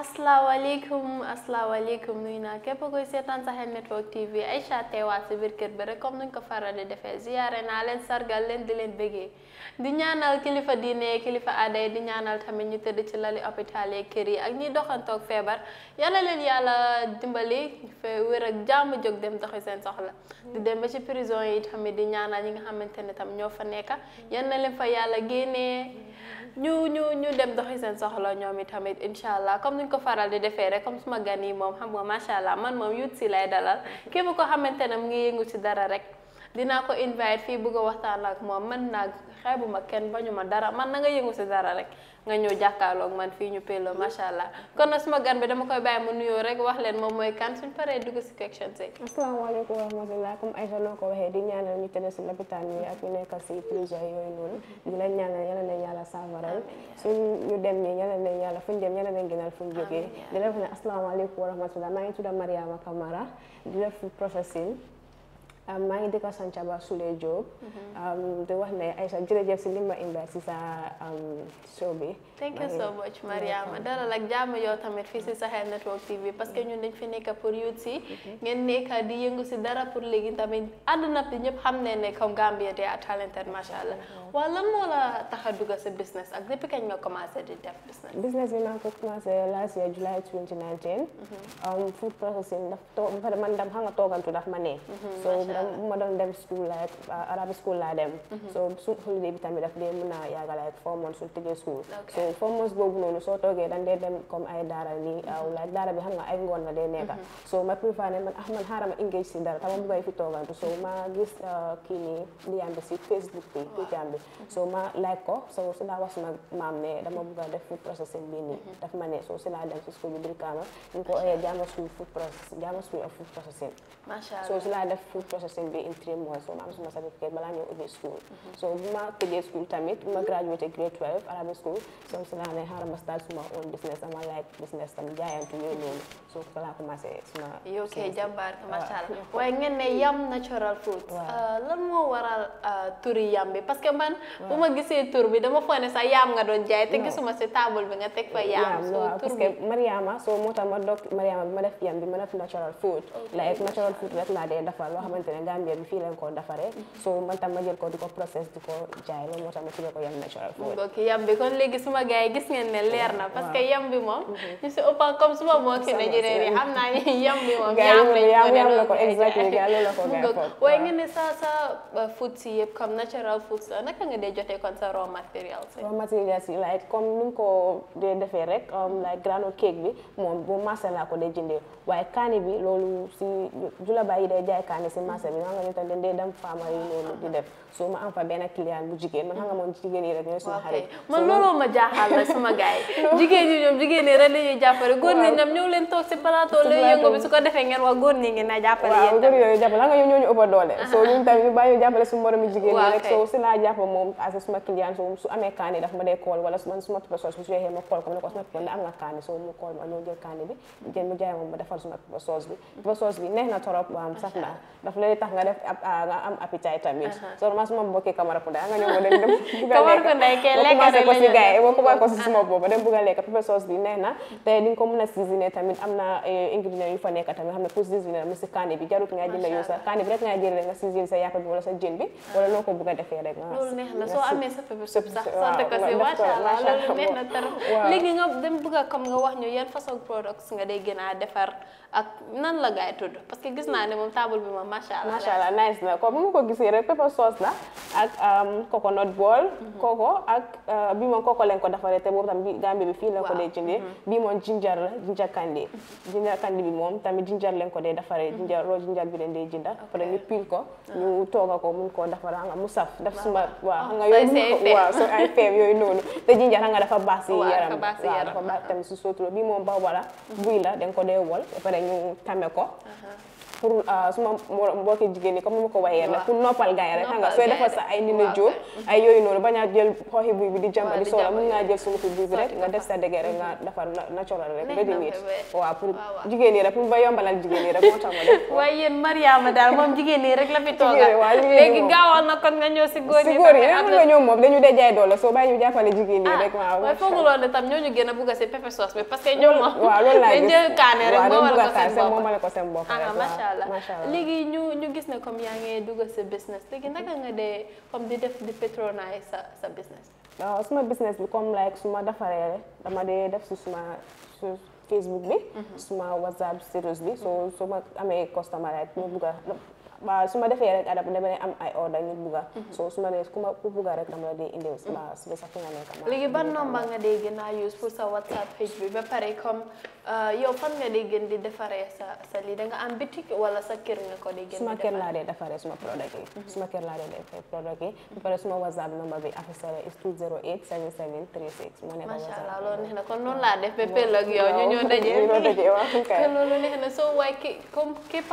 asalaamaaleykum asalaamaaleykum nuyu naa képp kuy seetaan Sahel Network TV Aïcha teewaat si biir kër bi rek comme nuñ ko faral di defee ziyaare naa leen sargal leen di leen bëggee di ñaanal kilifa diine kilifa aaday di ñaanal tamit ñu tëdd ci lali hôpital yi kër yi ak ñiy doxantoog feebar yàlla leen yàlla dimbali fee ak jàmm jóg dem doxi seen soxla di dem ba ci prison yi tamit di ñaanal ñi nga xamante ne tam ñoo fa nekka yal yàlla génnee ñu ñu ñu dem doxi seen soxla ko faral di defee rek comme suma gan yi moom xam nga macha allah man moom yut si lay dalal képp ko xamante ne mu ngi yëngu ci dara rek dina ko invite fi bëgg waxtaan ak mom man nag xébuma kenn bañu ma dara man na nga yëngu ci dara rek nga ñëw ak man fi ñu pelloo macha allah kon nag suma gan bi dama koy bay mu nuyo rek wax leen mom moy kan suñu paré dugg si question assalamu alaykum wa rahmatulah comme ay noo ko waxé di ñaanal ñu tëdd ci l'hôpital yi ak ñu nekk ci projet yoy ñun di la ñaanal yalla na yalla suñu ñu dem ñi yalla na yalla fuñu dem yalla na fuñu joggé di la wax assalamu alaykum wa ma ngi tudda Mariama Kamara di fu processing Euh, maa ngi dëkk Santhiaba Souley Diop. Mm-hmm. Euh, di wax ne Aïcha jërëjëf si li ma invite si sa euh, show bi. thank you so much Mariama dalal ak jàmm yow tamit fii si Sahel Network TV parce que ñun dañ fi nekk pour youth si. Mm-hmm. ngeen nekk di yëngu si dara pour léegi tamit àdduna na ñëpp xam ne ne comme Gambia they are talented macha allah. Mm-hmm. waaw lan moo la tax a dugg sa business ak depuis kañ nga commencé di def business. business bi maa ko commencé last year July 2019. Mhm. Um, food processing daf too man dam xam nga toogantu ma nee. Mhm, so ma doon dem school like uh, arab school laa dem. Mhm. so su holiday bi tamit daf dee mën a like four months su tëjee school. so four months boobu noonu soo toogee dan dee dem comme ay daara nii uh, like daara bi xam nga ay ngoon la dee nekka. so ma préfère ne man ah man xaaral ma engage si dara tamit mu ngi fi toogantu kan. so ma gis uh, kii nii Ndiambe si Facebook bi Ndiambe. so ma like ko so si laa wax suma maam ne dama bëgg a def food processing bii nii mhm. daf ma ne so si laa dem si school bi Brikama ñu ko ooyee Jama School mhm. ko laa commencé waaye ngeen ne yam natural food uh, lan moo waral uh, turi yam bi parce que man bu bi dama foog nga ko defaree mm-hmm. so man tam ma jël ko di ko process di ko jaay loolu moo ma tuddee ko yam bi kon léegi suma gars yi gis ngeen ne leer na parce que yam bi moom mm-hmm. ñu ne sa sa uh, si yëpp comme natural food la nag naka nga dee jotee kon sa raw materials raw materials yi like comme dee rek um, like grano cake bi moom bu marché laa ko dee jëndee waaye kaani bi loolu si bi xam nga ñu tam dañ dee dem faama yi loolu di def so ma am fa benn client bu jigéen man xam nga moom jigéen yi rek ñooy la suma gars yi jigéen ñi ñoom jigéen ñi rek la ñuy jàppale góor ñi ñoom ñëw leen toog si plateau lay yëngu bi su ko defee ngeen wax góor doole so ñun tamit ñu bàyyi jàppale suñu moromi jigéen ñi rek so si laa jàpp moom moom as suma client so su amee kaani ma dee kool wala bi su yeexee la am na torop waam sax na daf ah, uh-huh. so ma suma mbokki kamara ko day nga ñëw ma dem suma uh-huh. booba soos bi neex na te di nga ko mën a cuisiner tamit am na eh, ingrédients yu fa nekk tamit xam ne pour cuisiner mu si kaani bi jarut nga jënd yow sa kaani bi rek nga jël rek nga cuisiner sa yàpp bi wala sa jën bi wala noo ko bugg defee rek neex la soo amee sa pepp sëpp sax sant ko si macha allah loolu neex na trop léegi nga dem bëgg a comme nga wax ñu yan façon products nga day gën a defar ak nan la gaay tudd parce que gis naa ne moom table bi moom macha allah macha allah nice na comme mu ko gisee rek pepper sauce la ak um, coconut ball koko mhm. ak uh, bi moom koko lañ ko defaree te boobu tam bi Gambie bi fii lañ ko dee jëndee mhm. bi moom jinjar la jinjar kandi jinjar bi moom tamit jinjar lañ ko dee defaree jinjar mhm. roo jinjar bi lañ dee jënda après ñu ko ah. ñu tooga ko mun koo defar xam nga mu saf daf suma ah, waaw xam yooyu noonu te jinjar xam nga dafa baax si yaram waaw dafa baax tamit si sotro bi moom ah. ba wala buy la dañ ko dee wol après ñu tame ko uh-huh. pour ah, suma mbokki jigéen ñi comme ni ma ko waxee rek pour noppal gars yi rek xam nga sooy defal sa ay nina jóob ay yooyu noonu bañ a jël buy bi di jàmba di soola mun ngaa jël sunu fi buy bi rek nga def sa dege rek nga defar natural rek ba di miit waaw pour jigéen ñi rek pour ba yombalal jigéen ñi rek moo tax ma def waaye yéen Mariama daal moom jigéen ñi rek la fi toogal waaw léegi gaawal na kon nga ñëw si góor ñi si góor ñi rek eh, nga ñëw moom dañu dee jaay doole soo bàyyi ñu jàppale jigéen ah, rek waaw waaye foogu loolu tam ñooñu gën a bugg a si sauce bi parce que ñoom moom waaw loolu gis dañ jël kaane rek moomale ko seen bopp ah, allah léegi ñu ñu gis ne comme yaa ngi dugal sa business léegi naka nga dee comme di def di patronise sa sa business. waaw ah, suma business bi comme like suma defaree dama dee def si suma su Facebook bi. Mhm. suma WhatsApp status bi so mhm. suma amee su ma defee rek adab dama am ay order ñu bugga mhm. so su ma nee ku bugga rek dama la dee indi ba su dee sax fi nga nekk léegi ban nomba nga dee gën a use pour sa WhatsApp page bi ba pare comme Eh, yow fan nga di gën di defaree sa sa lii da nga am bitik wala sa kër nga ko di gën di defaree mhm. suma kër laa dee defaree suma produit suma whatsapp number bi affiché la is allah loolu neex na kon noonu laa def ba ak yow ñoo ñoo daje waaw loolu neex na soo waaye ki comme képp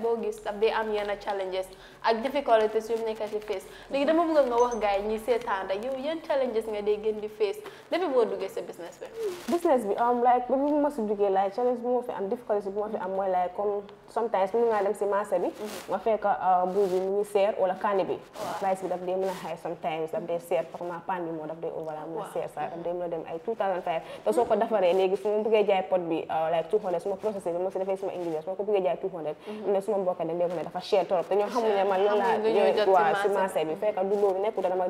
boo gis daf di am yenn challenges ak difficultés yu nekk ci face léegi dama bëgg nga wax gars yi ñuy seetaan rek yow yan challenges nga di gën di face depuis boo bi. business um, expliqué laay challenge bu ma fi am difficulté bu mm-hmm. euh, a a a soo ko mm-hmm. defaree léegi su ma bëggee jaay pot bi euh, like two bi ma si defee suma ingrédients su ko bëggee jaay mm-hmm. suma mbokk dañ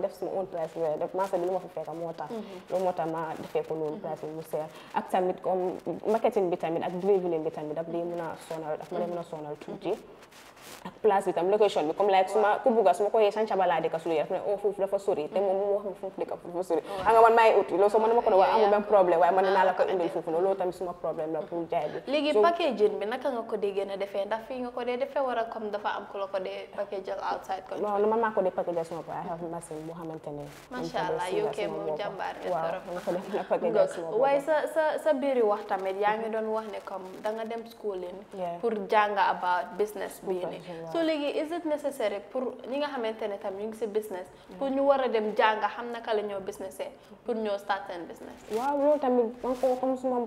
def suma own price bi bi lu ma fa fekk moo tax loolu moo tax ma defee ko loolu price bi mu seer ak tamit comme marketing bi tamit ak dribbling bi tamit daf dee mën a sonal daf ma dee mën a sonal tuuti ak place bi tam location bi comme like su ma bugga ko yee sancaba laa dëkk suñu yàlla ko ne waaye amul benn problème waaye man ah, dinaa la ko indil foofu noonu loolu suma ko dee gën a defee ndax fii a yaa ngi doon wax ne comme da nga dem schooling pour jàng about business bi ni soo léegi is it necessary pour ñi nga xamante ne tam ñu ngi si business pour ñu war a dem jànga xam naka la ñoo businessé pour ñoo start seen business waaw loolu tamit man ko comme suma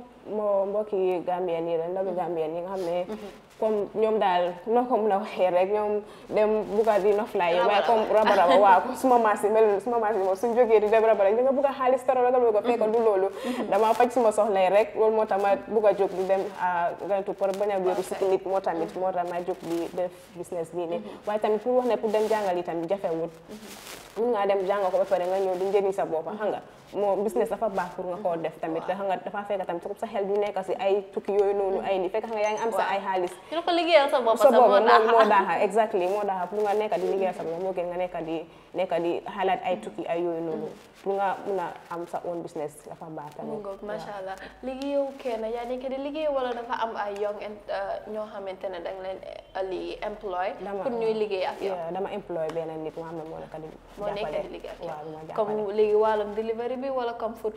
mbokki gambien yi la ndawi gambien yi nga xam ne mhm. comme ñoom daal noo ko mën a waxee rek ñoom dem bugg a di noflaay waaye comme raba raba waaw comme suma maas yi mel suma maas yi moom suñ jógee di dem raba rek da nga a xaalis trop rek nga fekk du loolu mm-hmm. dama faj suma soxlay rek loolu moo tax ma bugg a jóg di dem ah, gantu pour bañ a wéeru moo tamit moo tax ma jóg di def business bii ne mm-hmm. waaye tamit pour wax ne pour dem jàngal yi tamit jafewut mm-hmm. mun ngaa dem jàng ko ba pare nga ñëw di njëriñ sa bopp xam nga moo business dafa baax pour nga koo def tamit xam nga dafa fekk tamit sa sa ay xaalis ñu ko liggéeyal sa bopp sa bopp moo daaxa exactly moo daaxa pour nga a am sa own business uh, ne danga leen uh, li employ pour ñuy liggéey ak yow dama employ benn nit moo xam ne moo nekk di moo nekk di liggéey ak comme léegi wàllum delivery bi wala comme food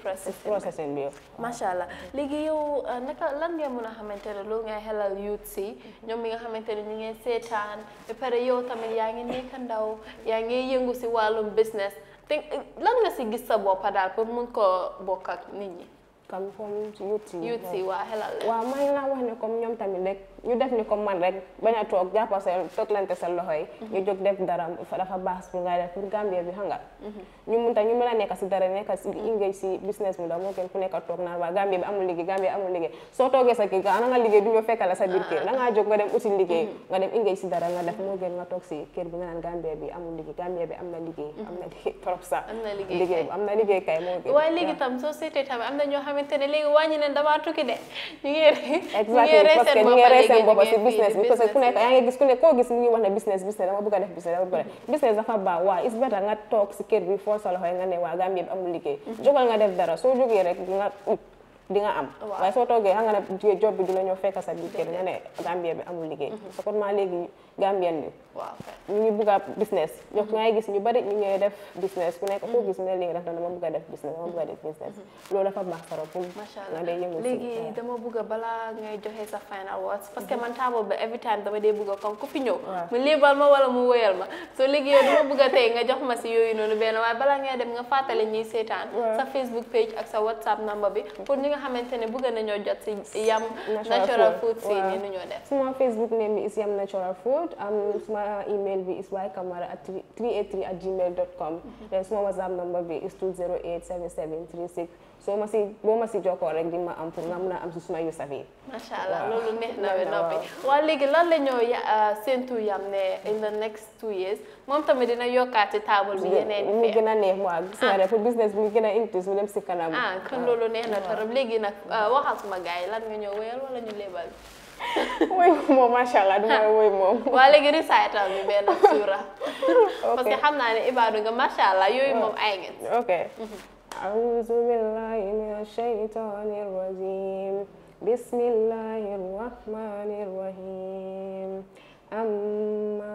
processing bi macha allah léegi yow euh, naka lan nga mën a xamante ne loolu ngay xelal youth si mhm. ñoom mi nga xamante ne ñu ngi seetaan ba pare yow tamit yaa ngi nekk ndaw yaa ngi yëngu si wàllum business te euh, lan nga si gis sa bopp daal pour mun koo bokk ak nit ñi comme comme yuut si yuut si waa xelal waaw maa ngi laa wax ne comme ñoom tamit rek ñu def ni comme man rek bañ a toog jàppal sa tooglante sa loxo yi mhm. ñu jóg def dara dafa baax pour nga def mhm. a nekk si amul liggéey Gambia bi am na liggéey am na mhm. liggéey trop am na liggéey kay moo gën waaye léegi tam soo seetee tam am na xam xamante ne léegi wàññi ne damaa tukki de ñu ngi exactement parce que business bi parce que ku nekk yaa ngi gis ku nekk koo gis mu ngi wax ne business business dama bëgg a def business dafa baax waaw is better nga toog si kër bi sa loxo nga ne waa Gambie bi liggéey jógal nga def dara soo jógee rek nga di nga am waaye soo toogee xam nga ne job bi du la ñëw fekk sa biir kër nga ne bi amul liggéey mm-hmm. mm-hmm. ñu bari ñu ngi def business nekk koo mm-hmm. gis na dama bugg a def business a def business loolu dafa baax saro pour nga dee a balaa ngay joxe sa final man a comme ku fi ñëw mu léebal ma wala mu wéyal ma soo léegi yow dama bugg jox ma yooyu noonu benn waaye balaa ngay dem nga fàttali ñuy seetaan sa Facebook page ak sa WhatsApp number bi pour nga xamante ne bëgg nañoo jot si yam natural food si ni ñoo def suma facebook name bi is yam natural food am um, suma email bi is ykamara at 383 at gmail dot com mhm. then suma whatsapp number bi is 208 7736 soo ma si boo ma si jokkoo rek di ma am pour nga mun a am si suma yu saf yi. loolu neex na ba noppi. waaw léegi lan la ñoo uh, séntu yam ne in the next two years. moom tamit dina yokkaat ci table bi yeneen yi. mu gën a neex waaw gis ne mu gën a increase mu si kanam. loolu neex na torop léegi nag waxal suma gars yi lan nga ñëw wéyal wala ñu lebal. woy moom macha allah du ma woy moom. waa léegi recital bi naa ne ibaadu nga macha allah yooyu moom ay ngeen. ok. أعوذ بالله من الشيطان الرجيم بسم الله الرحمن الرحيم عما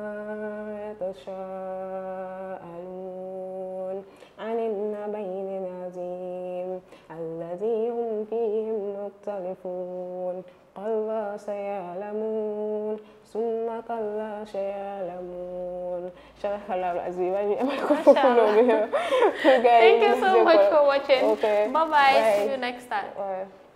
يتشاءلون عن النبي العظيم الذي هم فيه مختلفون قل سيعلمون ثم قل سيعلمون شرح الله العظيم ما يعملكم Thank you so much for watching. Okay. bye. bye. See you next time. Bye.